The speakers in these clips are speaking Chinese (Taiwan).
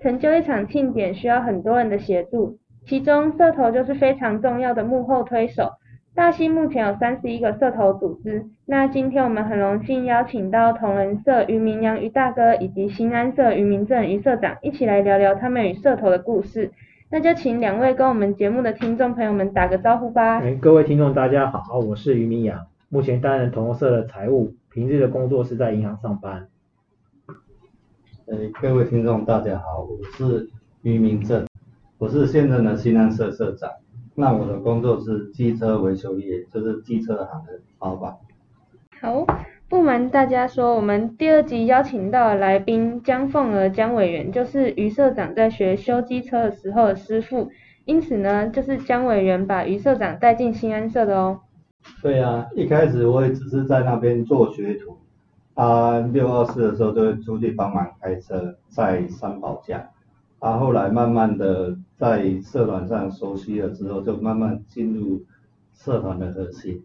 成就一場慶典需要很多人的協助，其中社頭就是非常重要的幕後推手。大溪目前有三十一個社頭組織，那今天我們很榮幸邀請到同人社余銘揚余大哥，以及興安社余明政余社長，一起來聊聊他們與社頭的故事。那就請兩位跟我們節目的聽眾朋友們打個招呼吧。各位聽眾大家好，我是余銘揚，目前擔任同人社的財務，平日的工作是在銀行上班。各位聽眾，大家好，我是余明政，我是現任的興安社社長。那我的工作是機車維修業，就是機車行的老板。好，不瞞大家說，我們第二集邀請到的來賓江鳳娥、江委員，就是余社長在學修機車的時候的師傅。因此呢，就是江委員把余社長帶進興安社的哦。對啊，一開始我也只是在那邊做學徒。他六二四的時候就會出去幫忙開車在三寶架。他、啊、後來慢慢的在社團上熟悉了之後，就慢慢進入社團的核心。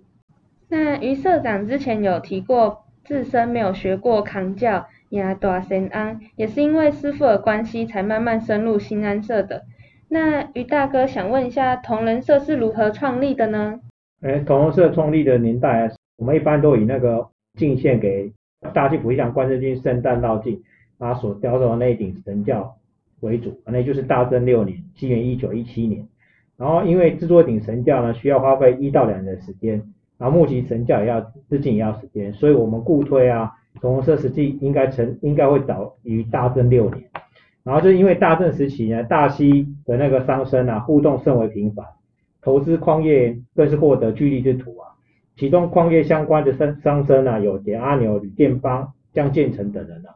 那余社長之前有提過自身沒有學過扛轎也大神安，也是因為師父的關係才慢慢深入興安社的。那余大哥想問一下同人社是如何創立的呢？欸、同人社創立的年代，我們一般都以那個進獻給。大溪普濟堂關聖帝君聖誕遶境他所雕造的那一頂神轎為主，那也就是大正六年（紀元一九一七年）。然後因為製作頂神轎呢，需要花費一到兩年的時間，然後募集神轎，也要資金，也要時間，所以我們故推啊，從設社實際應該成應該會早於大正六年。然後就是因為大正時期呢，大溪的那個商紳啊，互動甚為頻繁，投資礦業更是獲得巨利之途啊。其中礦業相關的商商紳呢，有簡阿牛、呂建邦、江建成等人呢。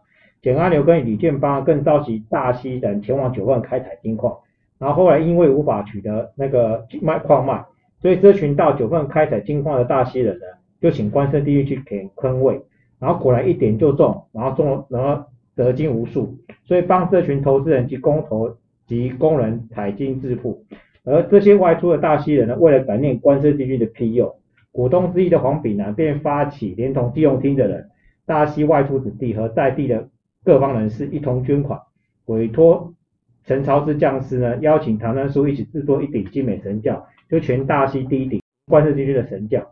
簡阿牛跟呂建邦更召集大溪人前往九份開採金礦，然後後來因為無法取得那個礦賣礦脈，所以這群到九份開採金礦的大溪人呢，就請關聖帝君去填坑位，然後果然一點就中，然後中然後得金無數，所以幫這群投資人及工頭及工人採金致富。而這些外出的大溪人呢，為了感念關聖帝君的庇佑。股東之一的黃炳南便發起，連同地用廳的人、大溪外出子弟和在地的各方人士一同捐款，委託陳朝之匠師呢，邀請唐山叔一起制作一頂精美神轎，就全大溪第一頂關聖將軍的神轎。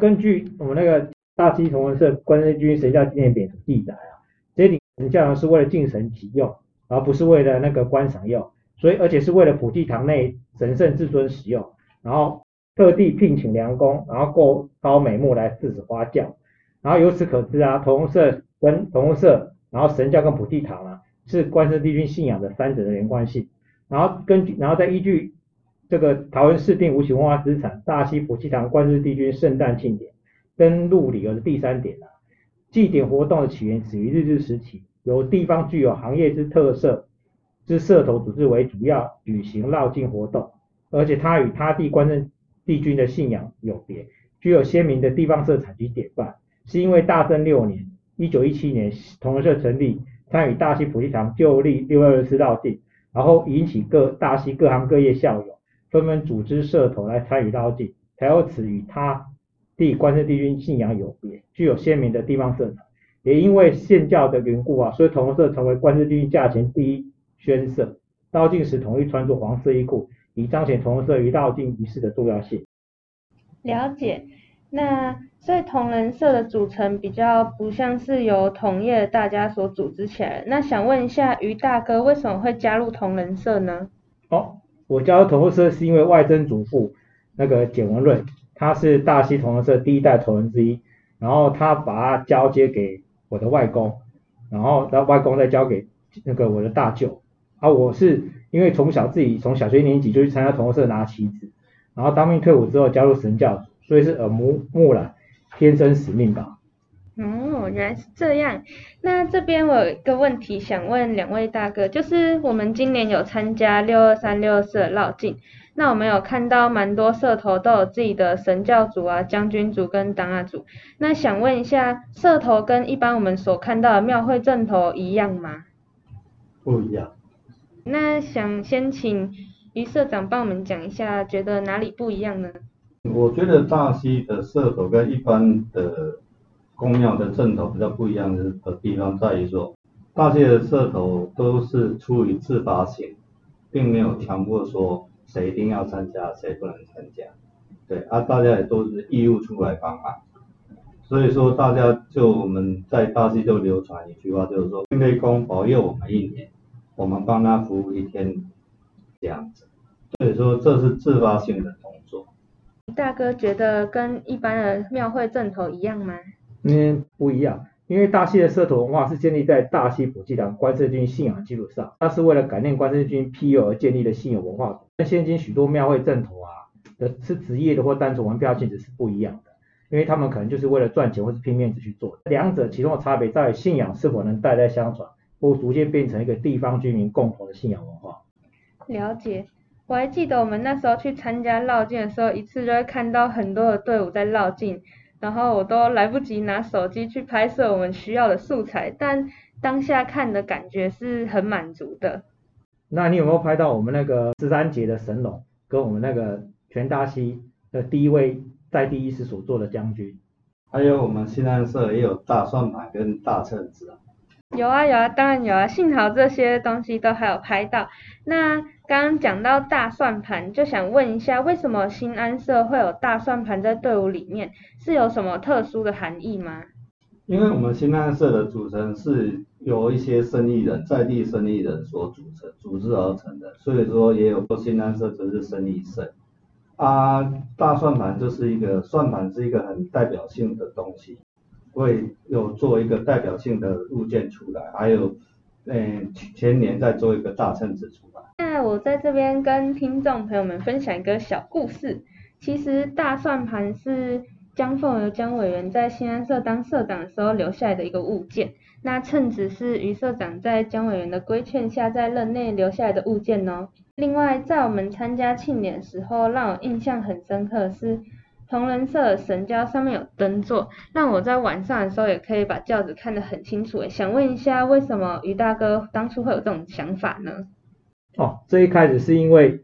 根據我們那個大溪同文社關聖軍神轎紀念碑記載啊，這頂神轎是為了敬神祈用，而不是為了那個觀賞用，所以而且是為了普濟堂內神聖至尊使用，然後。特地聘請良工，然後購高美木來製作花轎，然後由此可知啊，同人社跟同人社然後神轎跟普濟堂啊，是關聖帝君信仰的三者的連貫性。然後根據，然後再依據這個桃園市定無形文化資產大溪普濟堂關聖帝君聖誕慶典登錄理由的第三點啊，祭典活動的起源始於日治時期，由地方具有行業之特色之社頭組織為主要舉行繞境活動，而且它與他地關聖。帝君的信仰有別，具有鮮明的地方色彩及典範，是因為大正六年（一九一七年）同人社成立，參與大溪普濟堂舊曆六二四遶境，然後引起各大溪各行各業校友紛紛組織社頭來參與遶境，才有此與他地關聖帝君信仰有別，具有鮮明的地方色彩。也因為現教的緣故啊，所以同人社成為關聖帝君駕前第一軒社，遶境時統一穿着黃色衣褲。以彰顯同人社於遶境儀式的重要性。了解，那所以同人社的組成比較不像是由同業的大家所組織起來。那想問一下，余大哥為什麼會加入同人社呢？哦，我加入同人社是因為外曾祖父那個簡文潤，他是大溪同人社第一代同人之一，然後他把他交接給我的外公，然後他外公再交給那個我的大舅，啊，我是。因為從小自己從小學一年級就去參加同人社拿旗子，然後當兵退伍之後加入神轎組，所以是耳濡目染，天生使命吧。哦，原來是這樣。那這邊我有一個問題想問兩位大哥，就是我們今年有參加六二三、六二四的遶境，那我們有看到蠻多社頭都有自己的神轎組啊、將軍組跟黨阿、啊、組。那想問一下，社頭跟一般我們所看到的廟會陣頭一樣嗎？不一樣。那想先請余社長幫我們講一下，覺得哪裡不一樣呢？我覺得大溪的社頭跟一般的宮廟的陣頭比較不一樣的地方，在於說大溪的社頭都是出於自發性，並沒有強迫說誰一定要參加，誰不能參加。對，啊，大家也都是義務出來幫忙。所以說，大家就我們在大溪就流傳一句話，就是說，恩主公保佑我們一年。我們幫他服務一天這樣子，所以說這是自發性的動作。大哥覺得跟一般的廟會陣頭一樣嗎？嗯，不一樣。因為大溪的社頭文化是建立在大溪普濟堂關聖帝君信仰基礎上，它是為了感念關聖帝君庇佑而建立的信仰文化。那現今許多廟會陣頭啊，是職業的或單純玩票性質是不一樣的，因為他們可能就是為了賺錢或是拼面子去做的。兩者其中的差別在於信仰是否能代代相傳。或逐漸變成一個地方居民共同的信仰文化。了解，我還記得我們那時候去參加繞境的時候，一次就會看到很多的隊伍在繞境，然後我都來不及拿手機去拍攝我們需要的素材，但當下看的感覺是很滿足的。那你有沒有拍到我們那個十三節的神龍，跟我們那個全大溪的第一位在第一師所做的將軍？還、哎、有我們興安社也有大算盤跟大秤子啊。有啊有啊，當然有啊，幸好這些東西都還有拍到。那剛剛講到大算盤，就想問一下，為什麼興安社會有大算盤在隊伍裡面？是有什麼特殊的含義嗎？因為我們興安社的組成是由一些生意人、在地生意人所組成、組織而成的，所以說也有過興安社就是生意社。啊，大算盤就是一個算盤，是一個很代表性的東西。會有做一個代表性的物件出來，還有，嗯、呃，前年再做一個大秤子出來。那我在這邊跟聽眾朋友們分享一個小故事，其實大算盤是江鳳和江委員在興安社當社長的時候留下來的一個物件，那秤子是余社長在江委員的規勸下在任內留下來的物件哦。另外，在我們參加慶典的時候，讓我印象很深刻的是。銅人社的神教上面有燈座，那我在晚上的時候也可以把轎子看得很清楚。想問一下，為什麼於大哥當初會有這種想法呢？哦，這一開始是因為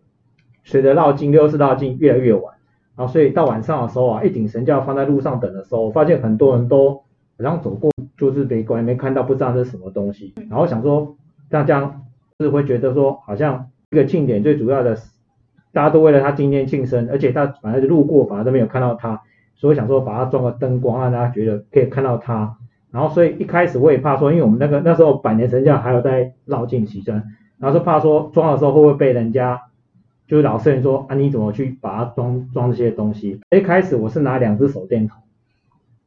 隨着繞境，六四繞境越來越晚，然後所以到晚上的時候啊，一頂神轎放在路上等的時候，我發現很多人都好像走過，就是沒關係沒看到，不知道這是什麼東西。然後想說大家、就是會覺得說好像一個慶典最主要的。大家都為了他今天慶生，而且他反正就路過，反正都沒有看到他，所以想說把他裝個燈光，讓大家覺得可以看到他。然後所以一開始我也怕說，因為我們那個那時候百年神轎還有在遶境期間，然後是怕說裝的時候會不會被人家就是老神人說啊，你怎麼去把它裝裝這些東西？一開始我是拿兩隻手電筒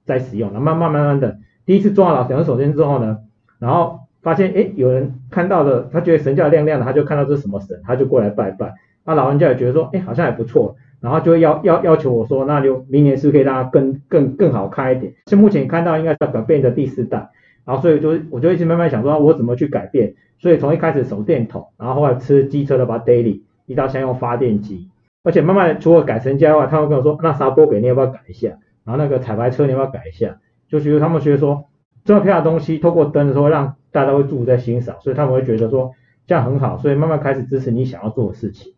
在使用，然後慢慢慢慢的，第一次裝了兩隻手電之後呢，然後發現哎、欸、有人看到了，他覺得神轎亮亮的，他就看到這是什麼神，他就過來拜拜。那老人家也覺得說，哎、欸，好像也不錯，然後就會要要要求我說，那就明年是，不是可以讓大家更更更好看一點？就目前看到應該是要改變的第四代，然後所以就我就一直慢慢想說，我怎麼去改變？所以從一開始手電筒，然後後來吃機車的把 daily，一到現在用發電機，而且慢慢除了改成家的話，他會跟我說，那沙波給你，你要不要改一下？然後那個彩排車你要不要改一下？就是他們覺得說，這麼漂亮的東西透過燈的時候，讓大家會駐足欣賞，所以他們會覺得說這樣很好，所以慢慢開始支持你想要做的事情。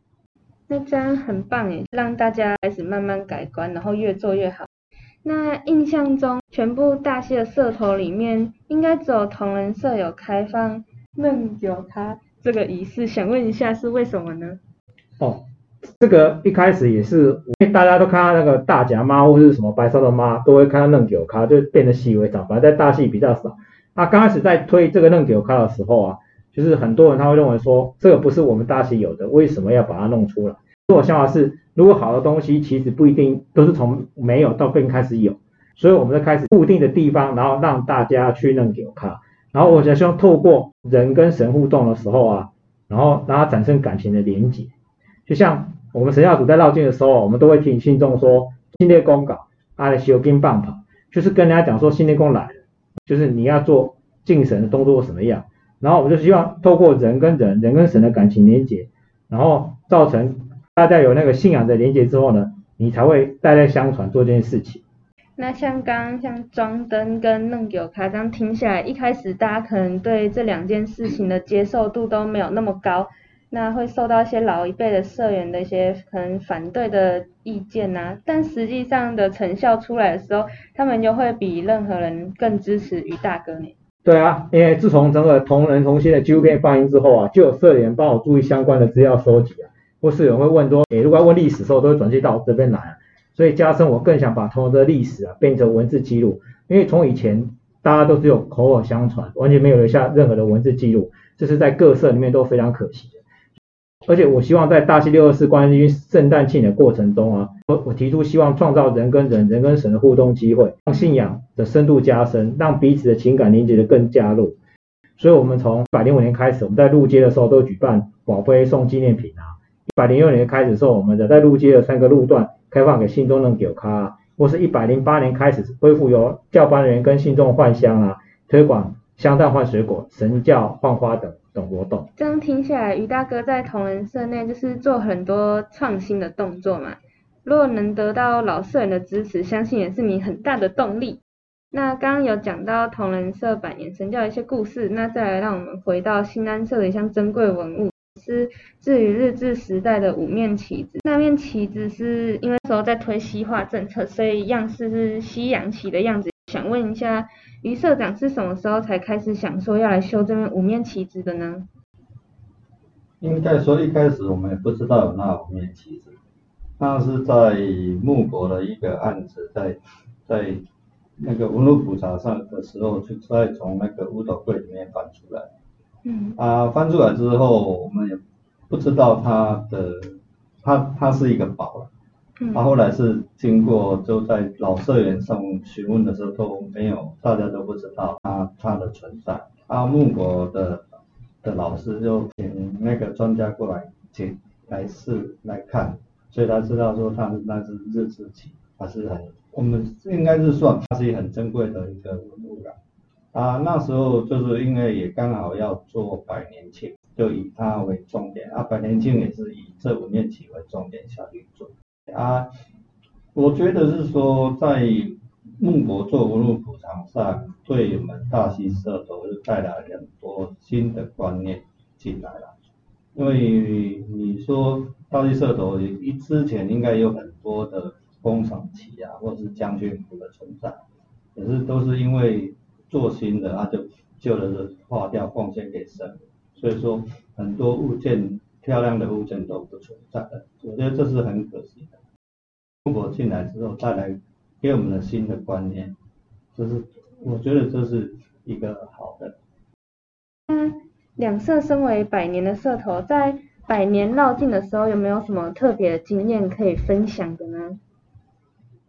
那這樣很棒耶！讓大家開始慢慢改觀，然後越做越好。那印象中，全部大溪的社頭裡面，應該只有同人社有開放鑽轎腳這個儀式。想問一下，是為什麼呢？哦，這個一開始也是，因為大家都看到那個大甲媽或是什麼白沙屯媽都會看到鑽轎腳，就變得習以為常，反正在大溪比較少。他、啊、剛開始在推這個鑽轎腳的時候啊，就是很多人他會認為說，這個不是我們大溪有的，為什麼要把它弄出來？我想法是，如果好的東西其實不一定都是從沒有到變開始有，所以我們在開始固定的地方，然後讓大家去認可看。然後，我想希望透過人跟神互動的時候啊，然後讓他產生感情的連接。就像我們神教主在繞境的時候啊，我們都會聽信眾說聖帝公搞阿修賓棒棒，就是跟人家講說聖帝公來了，就是你要做敬神的動作什麼樣。然後，我就希望透過人跟人、人跟神的感情連接，然後造成。大家有那個信仰的連接之後呢，你才會代代相傳做這件事情。那像剛，剛像裝燈跟弄油卡，剛，剛聽下來一開始大家可能對這兩件事情的接受度都沒有那麼高，那會受到一些老一輩的社員的一些可能反對的意見吶、啊。但實際上的成效出來的時候，他們就會比任何人更支持於大哥你。對啊，因為自從整個同人同心的紀錄片放映之後啊，就有社員幫我注意相關的資料收集啊。或是有人會問說，多、欸，你如果要問歷史的時候，都會轉接到這邊來、啊，所以加深我更想把通過這歷史啊變成文字記錄，因為從以前大家都只有口耳相傳，完全沒有留下任何的文字記錄，這、就是在各社裡面都非常可惜的。而且我希望在大溪六二四關於聖誕慶的過程中啊，我我提出希望創造人跟人、人跟神的互動機會，讓信仰的深度加深，讓彼此的情感連接得更加入。所以我們從一百零五年開始，我們在入街的時候都舉辦寶杯送紀念品啊。一百零六年開始的時候，我們的在路街的三個路段開放給信眾鑽轎腳，或是一百零八年開始恢復由轎班人員跟信眾換香啊，推廣香袋換水果、神轎換花等等活動。這樣聽下來，余大哥在同人社內就是做很多創新的動作嘛。如果能得到老社人的支持，相信也是你很大的動力。那剛剛有講到同人社百年神轎的一些故事，那再來讓我們回到興安社的一項珍貴文物。是至於日治時代的五面旗子，那面旗子是因為時候在推西化政策，所以樣式是西洋旗的樣子。想問一下，余社長是什麼時候才開始想說要來修這面五面旗子的呢？應該說一開始我們也不知道有那五面旗子，但是在木博的一個案子，在在那個文物普查上的時候，就再從那個五斗櫃裡面翻出來。嗯啊，翻出來之後，我們也不知道它的，它它是一個寶了。嗯。它、啊、後來是經過，就在老社員上詢問的時候都沒有，大家都不知道它它的存在。阿、啊、木國的的老師就請那個專家過來，請來試來看，所以他知道說他的那是日治時期，它是很，我們應該是算，它是一個很珍貴的一個文物了。啊，那時候就是因為也剛好要做百年慶，就以它為重點啊。百年慶也是以這五面旗為重點下去做啊。我覺得是說，在木博館做文物普查上，對我們大溪社都是帶來很多新的觀念進來了。因為你說大溪社頭一之前應該有很多的工廠旗啊，或者是將軍府的存在，可是都是因為。做新的，那、啊、就舊的就，就化掉，貢獻給神。所以說，很多物件漂亮的物件都不存在的。我覺得這是很可惜的。中國進來之後，帶來給我們的新的觀念，就是我覺得這是一個好的。那、嗯、兩社身為百年的社頭，在百年繞境的時候，有沒有什麼特別的經驗可以分享的呢？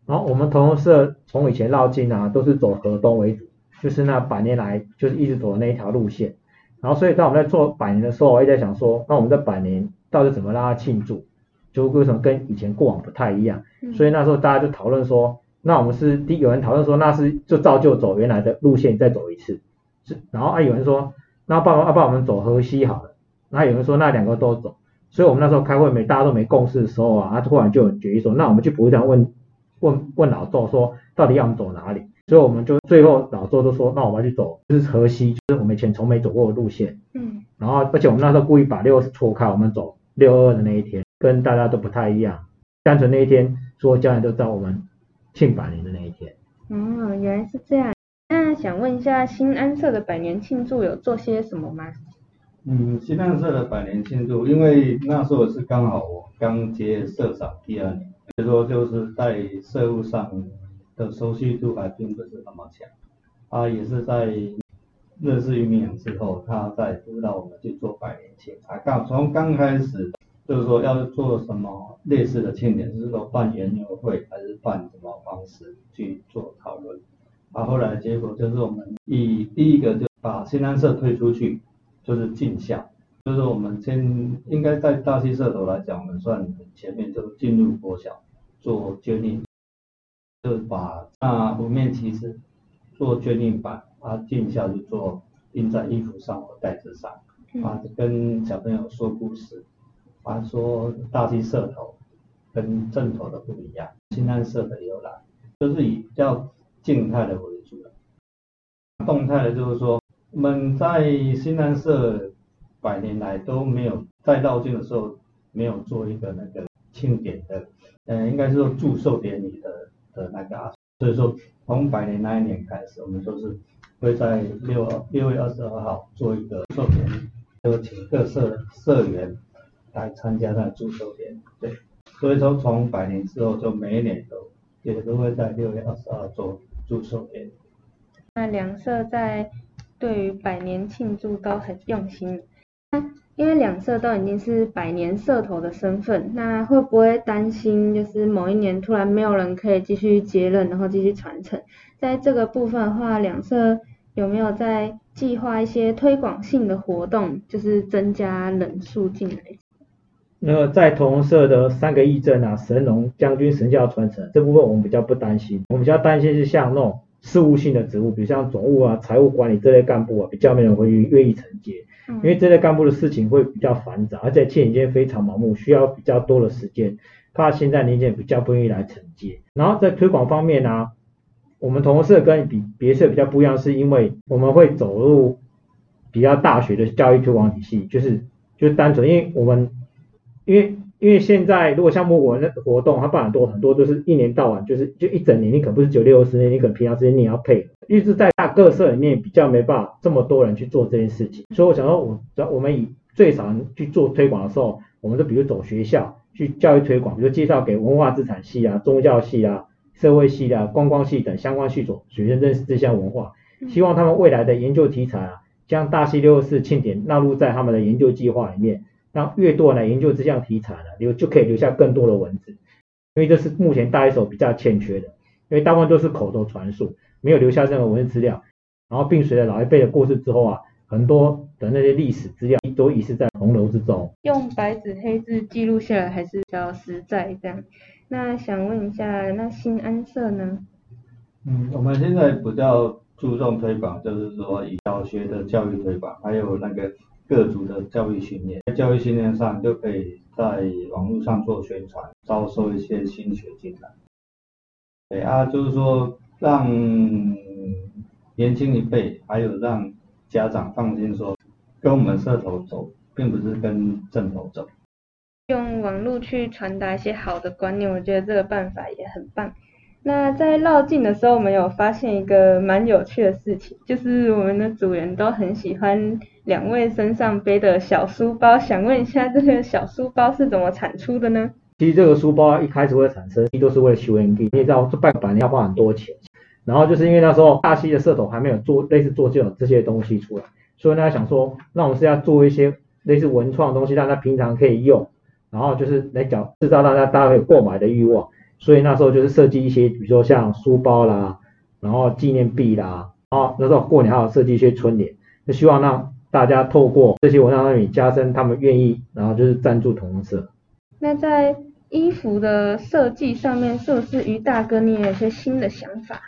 好，我們同人社從以前繞境啊，都是走河東為主。就是那百年來，就是一直走的那一條路線，然後所以到我們在做百年的時候，我也在想說，那我們在百年到底怎麼讓它慶祝，就為什麼跟以前過往不太一樣？所以那時候大家就討論說，那我們是第有人討論說，那是就照舊走原來的路線再走一次，是然後啊有人說，那爸爸爸爸我們走河西好了，那有人說那兩個都走，所以我們那時候開會沒大家都沒共識的時候啊，啊，他突然就有決議說，那我們就不普陀山問問問老趙說，到底要我們走哪裡？所以我們就最後老周都說，那我們要去走，就是河西，就是我們以前從沒走過的路線。嗯。然後，而且我們那時候故意把六二四錯開，我們走六二二的那一天，跟大家都不太一樣。單純那一天，說將來就到我們慶百年的那一天。哦、嗯，原來是這樣。那想問一下興安社的百年慶祝有做些什麼嗎？嗯，興安社的百年慶祝，因為那時候是剛好我剛接社長第二年，所以說就是在社務上。熟悉度還並不是那麼強，他也是在認識余銘揚之後，他才引導我們去做百年慶。才、啊、剛從剛開始就是說要做什麼類似的慶典，就是說辦研究會還是辦什麼方式去做討論。啊，後來的結果就是我們以第一個就把興安社推出去，就是進校，就是我們先應該在大溪社頭來講，我們算前面就進入國小做絹印，就是把那五面旗子做絹印板，啊，鏡下就做印在衣服上或袋子上。啊，跟小朋友說故事，啊，說大溪社頭跟陣頭的不一樣，興安社的由來，都、就是以比較靜態的為主了。動態的，就是說我們在興安社百年來都沒有在繞境的時候沒有做一個那個慶典的，呃，應該是說祝壽典禮的。的那個，所以說從百年那一年開始，我們就是會在六二六月二十二號做一個壽典，就請各社社員來參加那個祝壽典。對，所以說從百年之後，就每一年都也都會在六月二十二號做祝壽典。那兩社在對於百年慶祝都很用心。因為兩社都已經是百年社頭的身份，那會不會擔心就是某一年突然沒有人可以繼續接任，然後繼續傳承？在這個部分的話，兩社有沒有在計劃一些推廣性的活動，就是增加人數進來？那個、在同社的三個藝陣啊，神龍將軍神教傳承這部分我們比較不擔心，我們比較擔心是像弄。事務性的職務，比如像總務啊、財務管理這類幹部啊，比較沒有人會願意承接，嗯，因為這類幹部的事情會比較繁雜，而且前幾天非常盲目，需要比較多的時間，怕現在年輕人比較不願意來承接。然後在推廣方面呢，啊，我們同社跟比別社比較不一樣，是因為我們會走入比較大學的教育推廣體系，就是就單純因為我們因為。因為現在如果像我們的活動，它辦很多很多，就是一年到晚，就是就一整年，你可不是九六十年，你可能平常之間你要配，預算在大，各社裡面比較沒辦法這麼多人去做這件事情，所以我想說，我我們以最少人去做推廣的時候，我們就比如走學校去教育推廣，比如介紹給文化資產系啊、宗教系啊、社會系啊、觀光系等相關系所學生認識這項文化，希望他們未來的研究題材啊，將大溪六廿四慶典納入在他們的研究計劃裡面。那越多來研究這項題材了，就就可以留下更多的文字，因為這是目前大一手比較欠缺的，因為大部分都是口頭傳述，沒有留下任何文字資料。然後並隨着老一輩的過世之後啊，很多的那些歷史資料都遺失在洪流之中。用白紙黑字記錄下來還是比較實在這樣。那想問一下，那興安社呢？嗯，我們現在比較注重推廣，就是說以小學的教育推廣，還有那個。各族的教育訓練，在教育訓練上就可以在網絡上做宣傳，招收一些新血進來。對，啊，就是說讓年輕一輩，還有讓家長放心說，說跟我們社頭走，並不是跟陣頭走。用網絡去傳達一些好的觀念，我覺得這個辦法也很棒。那在遶境的時候，我們有發現一個蠻有趣的事情，就是我們的主人都很喜歡兩位身上背的小書包。想問一下，這個小書包是怎麼產出的呢？其實這個書包一開始會產生，一都是為了修人氣。你也知道，做版板要花很多錢，然後就是因為那時候大溪的社頭還沒有做類似做這種這些東西出來，所以大家想說，那我們是要做一些類似文創的東西，讓大家平常可以用，然後就是來講製造大家大家有購買的欲望。所以那時候就是設計一些，比如說像書包啦，然後紀念幣啦，然後那時候過年還有設計一些春聯，就希望讓大家透過這些文章讓你加深他們願意，然後就是贊助同人社。那在衣服的設計上面，是不是余大哥你有些新的想法？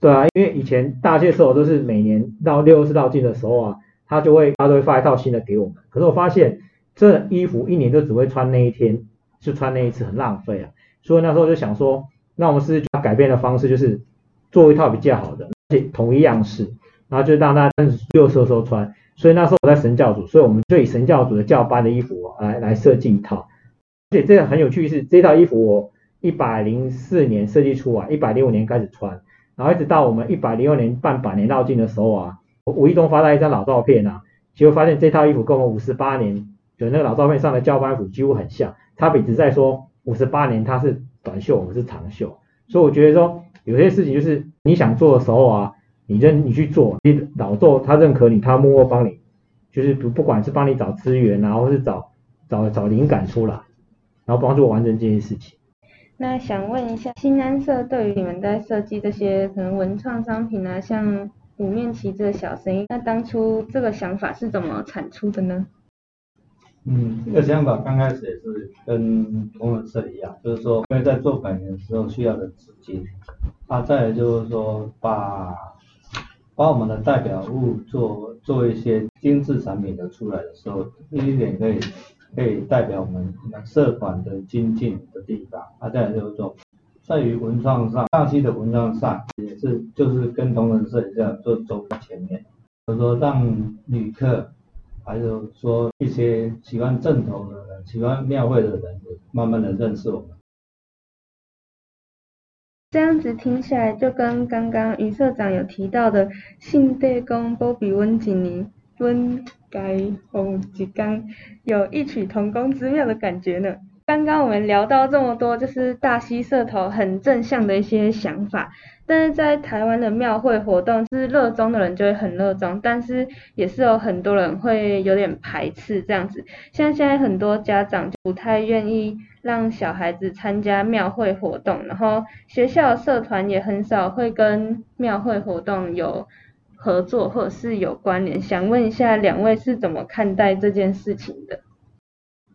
對啊，因為以前大學時候，都是每年到六月廿四遶境的時候啊，他就會他都會發一套新的給我們。可是我發現這衣服一年就只會穿那一天，就穿那一次，很浪費啊。所以那時候就想說，那我們試試改變的方式，就是做一套比較好的，而且同一樣式，然後就讓他6正的時候穿。所以那時候我在神轎組，所以我們就以神轎組的轎班的衣服、啊、來來設計一套。而且這個很有趣是，是這套衣服我一百零四年設計出啊，一百零五年開始穿，然後一直到我們一百零二年辦百年遶境的時候啊，我無意中發了一張老照片啊，結果發現這套衣服跟我們五十八年就那個老照片上的轎班服幾乎很像，差別只在說。五十八年，他是短袖，我是長袖，所以我覺得說有些事情就是你想做的時候啊，你認你去做，你老做，他認可你，他默默幫你，就是不不管是幫你找資源，然後是找找找靈感出來，然後幫助完成這件事情。那想問一下，興安社對於你們在設計這些可能文創商品啊，像五面旗幟的小生意，那當初這個想法是怎麼產出的呢？嗯，這個想法剛開始也是跟同人社一樣，就是說，因為在做本的時候需要的資金，他、啊、在就是說把把我們的代表物做做一些精緻產品的出來的時候，第一,一點可以可以代表我們社團的精進的地方，啊、再來就是說，在於文創上，大溪的文創上也是就是跟同人社一樣做走在前面，就是說讓旅客。還有說一些喜歡正統的人、喜歡廟會的人，慢慢的認識我們。這樣子聽起來，就跟剛剛余社長有提到的信代公波比溫景寧溫改紅幾剛有異曲同工之妙的感覺呢。剛剛我們聊到這麼多，就是大溪社頭很正向的一些想法，但是在台灣的廟會活動，是熱衷的人就會很熱衷，但是也是有很多人會有點排斥這樣子。像現在很多家長就不太願意讓小孩子參加廟會活動，然後學校社團也很少會跟廟會活動有合作或者是有關聯。想問一下兩位是怎麼看待這件事情的？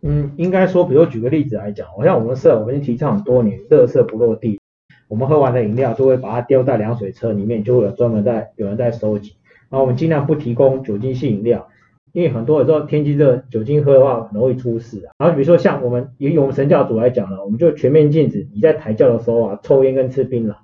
嗯，應該說，比如舉個例子來講，好像我們社，我們提倡很多年，垃圾不落地。我們喝完的飲料就會把它丟在涼水車裡面，就會有專門在有人在收集。然後我們盡量不提供酒精性飲料，因為很多的時候天氣熱，酒精喝的話可能會出事啊。然後比如說像我們，以我們神轎組來講呢，我們就全面禁止你在抬轎的時候啊，抽菸跟吃檳榔，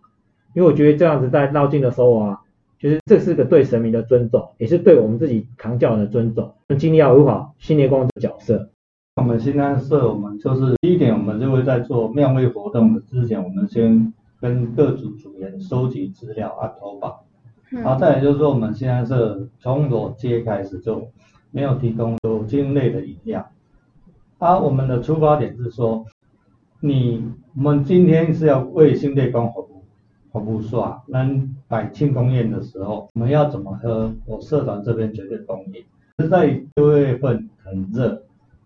因為我覺得這樣子在遶境的時候啊，就是這是個對神明的尊重，也是對我們自己扛轎人的尊重。盡量要做好新月光的角色。我們興安社，我們就是第一點，我們就會在做廟會活動的之前，我們先跟各組組員收集資料啊、投保。然、嗯、後、啊、再也就是說，我們興安社從我接開始就沒有提供酒精類的飲料。啊，我們的出發點是說，你我們今天是要為新店公服服務，是吧？那擺慶功宴的時候，我們要怎麼喝？我社長這邊絕對同意。是在六月份很熱。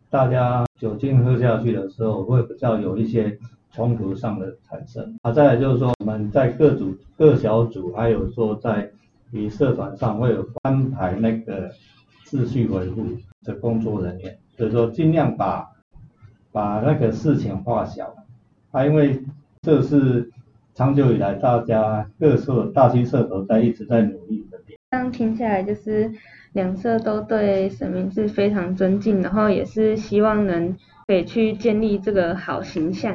大家酒精喝下去的時候，會比較有一些衝突上的產生，啊。再來就是說，我們在各組、各小組，還有說在與社團上，會有安排那個秩序維護的工作人員，所以說儘量把把那個事情化小。啊，因為這是長久以來大家各社、大溪社頭在一直在努力的點。這樣聽起來就是。兩社都對神明是非常尊敬，然後也是希望能可以去建立這個好形象。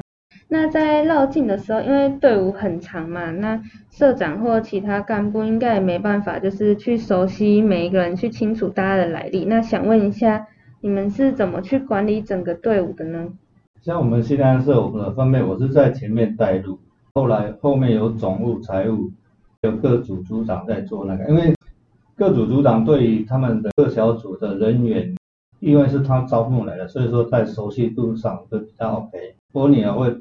那在繞境的時候，因為隊伍很長嘛，那社長或其他幹部應該也沒辦法，就是去熟悉每一個人，去清楚大家的來歷。那想問一下，你們是怎麼去管理整個隊伍的呢？像我們興安社，我們的分配，我是在前面帶路，後來後面有總務、財務，有各組組長在做那個，因為。各組組長對於他們的各小組的人員，因為是他招募來的，所以說在熟悉度上會比較 ok 不過你也、啊、會，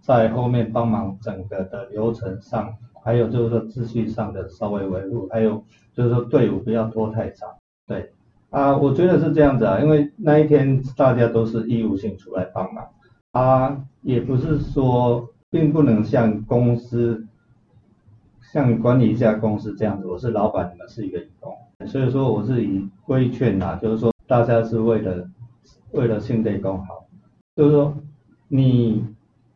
在後面幫忙整個的流程上，還有就是說秩序上的稍微維護，還有就是說隊伍不要拖太長。對，啊，我覺得是這樣子啊，因為那一天大家都是義務性出來幫忙，啊，也不是說並不能像公司。像你管理一家公司這樣子，我是老板，你們是員工，所以說我是以規勸啊，就是說大家是為了為了新內工好，就是說你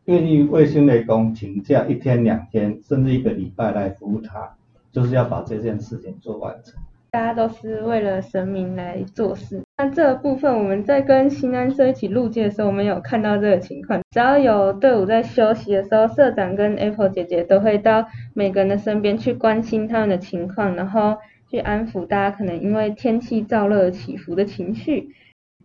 願意為新內工請假一天兩天，甚至一個禮拜來服務他，就是要把這件事情做完成。大家都是為了神明來做事。那這部分我們在跟新安社一起遶境的時候，我們有看到這個情況。只要有隊伍在休息的時候，社長跟 Apple 姐姐都會到每個人的身邊去關心他們的情況，然後去安撫大家可能因為天氣燥熱而起伏的情緒。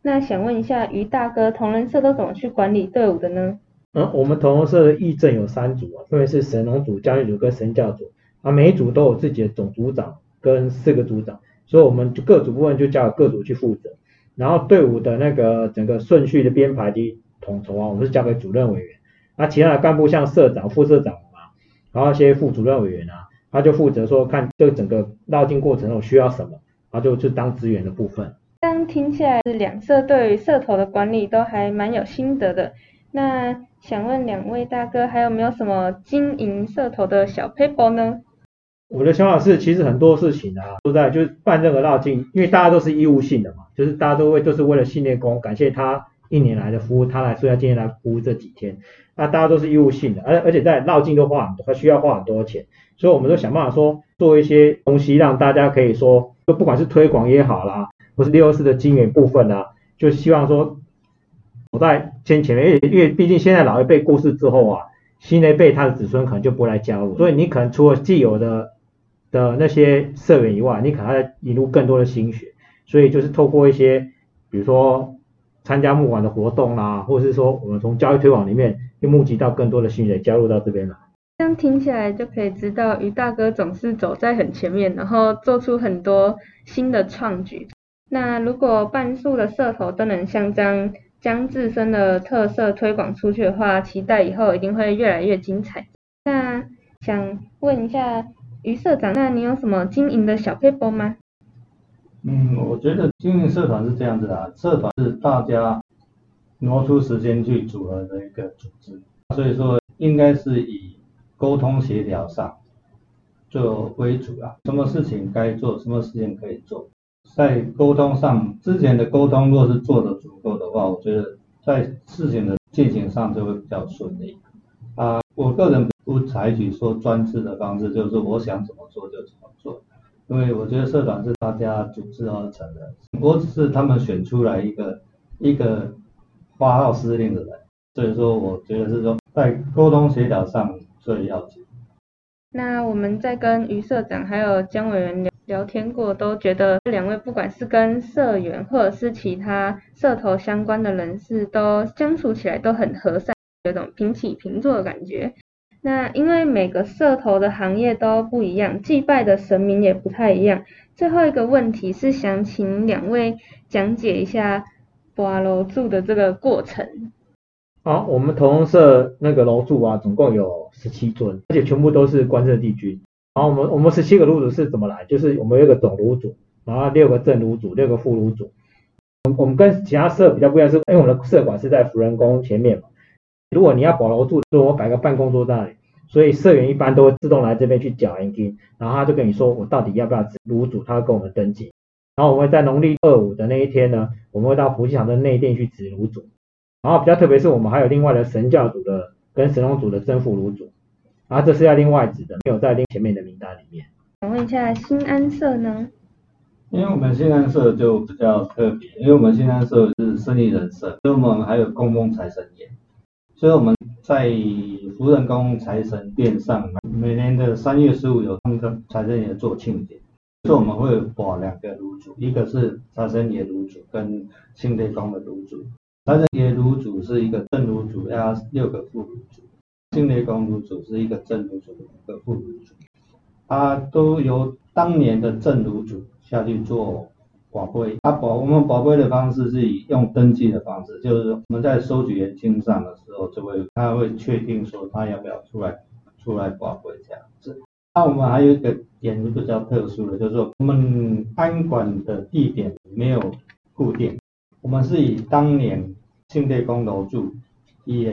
那想問一下，余大哥，同人社都怎麼去管理隊伍的呢？嗯，我們同人社的義陣有三組啊，分別是神龍組、教育組跟神教組，啊，每一組都有自己的總組長。跟四個組長，所以我們就各組部分就交給各組去負責，然後隊伍的那個整個順序的編排及統籌啊，我們是交給主任委員。那、啊、其他的幹部像社長、副社長啊，然後一些副主任委員啊，他就負責說看這整個繞境過程中需要什麼，他就去當支援的部分。剛聽起來是兩社對於社頭的管理都還蠻有心得的，那想問兩位大哥，還有沒有什麼經營社頭的小撇步呢？我的想法是，其實很多事情啊，都在就是辦這個繞境，因為大家都是義務性的嘛，就是大家都會都、就是為了信內公，感謝他一年來的服務，他來說要今天來服務這幾天，那、啊、大家都是義務性的，而而且在繞境都花很多，他需要花很多錢，所以我們都想辦法說做一些東西，讓大家可以說，就不管是推廣也好啦，或是六二四的經元部分呢，就希望說我在先前面，因為因為畢竟現在老一輩過世之後啊，新一輩他的子孫可能就不來加入，所以你可能除了既有的。的那些社員以外，你可能引入更多的心血，所以就是透過一些，比如說參加木博的活動啦、啊，或者是說我們從教育推廣裡面又募集到更多的心血加入到這邊來。這樣聽起來就可以知道，余大哥總是走在很前面，然後做出很多新的創舉。那如果半數的社頭都能像這樣將自身的特色推廣出去的話，期待以後一定會越來越精彩。那想問一下。余社長，那你有什麼經營的小撇步嗎？嗯，我覺得經營社團是這樣子的、啊，社團是大家挪出時間去組合的一個組織，所以說應該是以溝通協調上就為主啊，什麼事情該做，什麼事情可以做，在溝通上之前的溝通若是做得足夠的話，我覺得在事情的進行上就會比較順利。啊、uh，我個人不採取說專制的方式，就是說我想怎麼做就怎麼做，因為我覺得社長是大家組織而成的，我只是他們選出來一個一個發號施令的人，所以說我覺得是說在溝通協調上最要緊。那我們在跟余社長還有姜委員聊聊天過，都覺得兩位不管是跟社員或者是其他社頭相關的人士，都相處起來都很和善。有種平起平坐的感覺。那因為每個社頭的行業都不一樣，祭拜的神明也不太一樣。最後一個問題，是想請兩位講解一下跋爐主的這個過程。好、啊，我們同社那個爐主啊，總共有十七尊，而且全部都是關聖帝君。然後我們我們十七個爐主是怎麼來？就是我們有一個總爐主，然後六個正爐主，六個副爐主。我們跟其他社比較不一樣是，是因為我們的社館是在福仁宮前面嘛。如果你要保留住，說我擺個辦公桌在那裡，所以社員一般都會自動來這邊去繳現金，然後他就跟你說我到底要不要值爐主，他會跟我們登記，然後我們會在農曆二五的那一天呢，我們會到福氣堂的內殿去值爐主，然後比較特別是我們還有另外的神教主的跟神農組的正副爐主，然後這是要另外值的，沒有在前前面的名單裡面。想問一下興安社呢？因為我們興安社就比較特別，因為我們興安社是生意人社，所以我們還有供奉財神爺。所以我們在福仁宮財神殿上，每年的3月15三月十五有那個財神爺做慶典，所以我們會保兩個爐主，一個是財神爺爐主跟慶來公的爐主。財神爺爐主是一個正爐主加六個副爐主，慶來公爐主是一個正爐主、一個副爐主，他都由當年的正爐主下去做。保會，他、啊、保我們保會的方式是以用登記的方式，就是我們在收人進賬的時候，就會他會確定說他要不要出來出來保會這樣子。那、啊、我們還有一個點是比較特殊的，就是我們安館的地點沒有固定，我們是以當年聖帝公爐主，以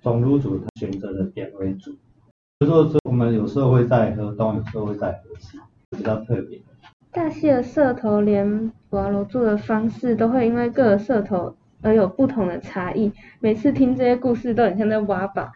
總爐主他選擇的點為主，比如說我們有時候會在河東，有時候會在河西，比較特別。大溪的社頭，連瓦羅做的方式都會因為各個社頭而有不同的差異。每次聽這些故事，都很像在挖寶。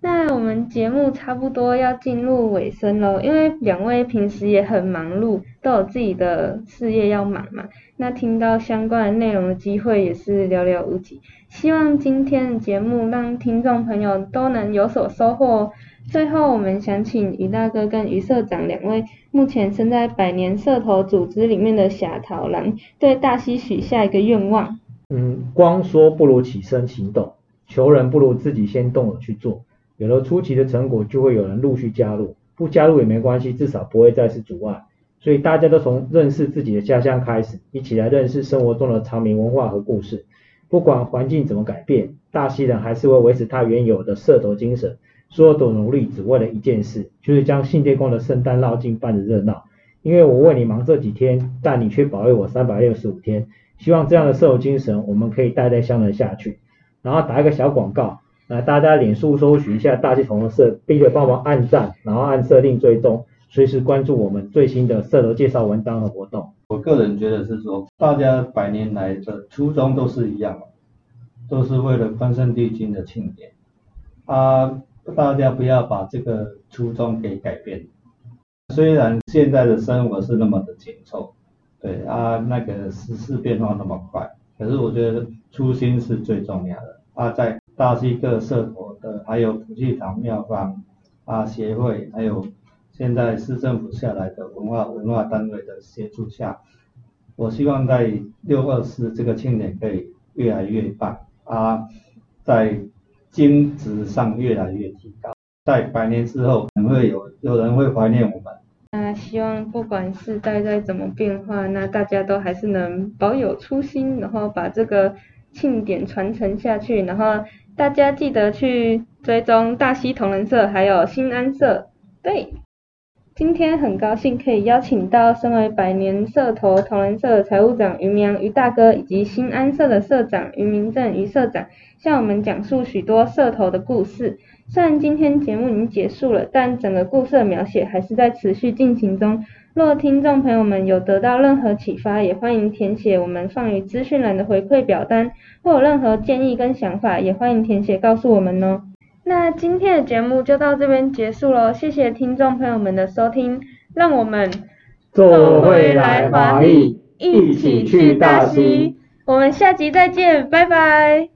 那我們節目差不多要進入尾聲嘍，因為兩位平時也很忙碌，都有自己的事業要忙嘛。那聽到相關內容的機會也是寥寥無幾。希望今天的節目讓聽眾朋友都能有所收穫。最後，我們想請余大哥跟余社長兩位目前身在百年社頭組織裡面的小桃蘭，對大溪許下一個願望。嗯，光說不如起身行動，求人不如自己先動手去做。有了初期的成果，就會有人陸續加入，不加入也沒關係，至少不會再次阻礙。所以大家都從認識自己的家鄉開始，一起來認識生活中的常民文化和故事。不管環境怎麼改變，大溪人還是會維持他原有的社頭精神，所有的努力只為了一件事，就是將信天宮的聖誕繞境辦得熱鬧。因為我為你忙這幾天，但你卻保佑我三百六十五天。希望這樣的社頭精神，我們可以代代相傳下去。然後打一個小廣告。來，大家臉書搜尋一下大溪同人社，並且幫忙按讚，然後按設定追蹤，隨時關注我們最新的社頭介紹文章的活動。我個人覺得是說，大家百年來的初衷都是一樣，都是為了關聖帝君的慶典。啊，大家不要把這個初衷給改變。雖然現在的生活是那麼的緊湊，對啊，那個時事變化那麼快，可是我覺得初心是最重要的。啊，在大溪各社火的，還有普濟堂廟坊啊協會，還有現在市政府下來的文化文化單位的協助下，我希望在六二四這個慶典可以越來越棒啊，在品質上越來越提高，在百年之後，可能會有有人會懷念我們。那希望不管時代再怎麼變化，那大家都還是能保有初心，然後把這個。慶典傳承下去，然後大家記得去追蹤大溪同人社還有興安社。對，今天很高興可以邀請到身為百年社頭同人社的財務長余銘揚余大哥，以及興安社的社長余明政余社長，向我們講述許多社頭的故事。雖然今天節目已經結束了，但整個故事的描寫還是在持續進行中。若聽眾朋友們有得到任何啟發，也歡迎填寫我們放於資訊欄的回饋表單；或有任何建議跟想法，也歡迎填寫告訴我們哦。那今天的節目就到這邊結束囉，謝謝聽眾朋友們的收聽，讓我們做回來華麗一起去大溪，我們下集再見，拜拜。